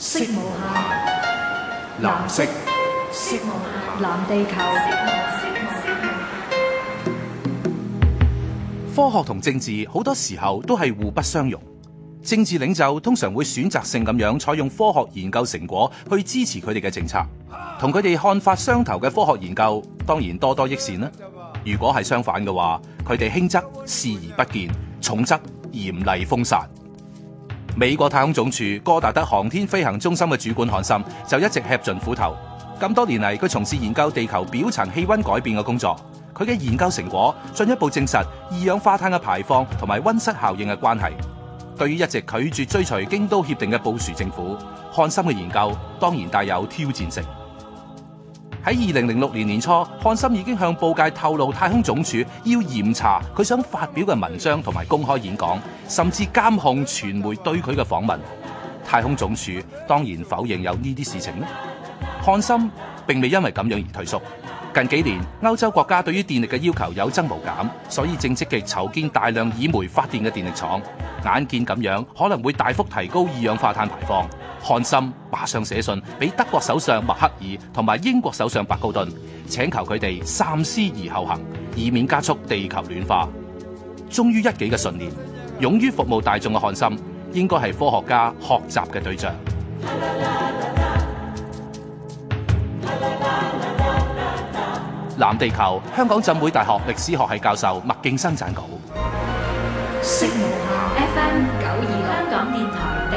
色無限，藍色。色無限，藍地球。色色科學同政治好多時候都係互不相容。政治領袖通常會選擇性咁樣採用科學研究成果去支持佢哋嘅政策，同佢哋看法相投嘅科學研究當然多多益善啦。如果係相反嘅話，佢哋輕則視而不見，重則嚴厲封殺。美國太空總署戈達德航天飛行中心嘅主管漢森就一直吃盡苦頭。咁多年嚟，佢從事研究地球表層氣温改變嘅工作。佢嘅研究成果進一步證實二氧化碳嘅排放同埋温室效應嘅關係。對於一直拒絕追隨京都協定嘅布殊政府，漢森嘅研究當然帶有挑戰性。喺二零零六年年初，漢森已經向報界透露，太空總署要嚴查佢想發表嘅文章同埋公開演講，甚至監控傳媒對佢嘅訪問。太空總署當然否認有呢啲事情咯。漢森並未因為咁樣而退縮。近幾年，歐洲國家對於電力嘅要求有增無減，所以正積極籌建大量以煤發電嘅電力廠。眼見咁樣可能會大幅提高二氧化碳排放。漢森馬上寫信俾德國首相默克爾同埋英國首相白高頓，請求佢哋三思而後行，以免加速地球暖化。忠於一己嘅信念，勇於服務大眾嘅漢森，應該係科學家學習嘅對象。藍地球，香港浸會大學歷史學系教授麥勁生撰稿。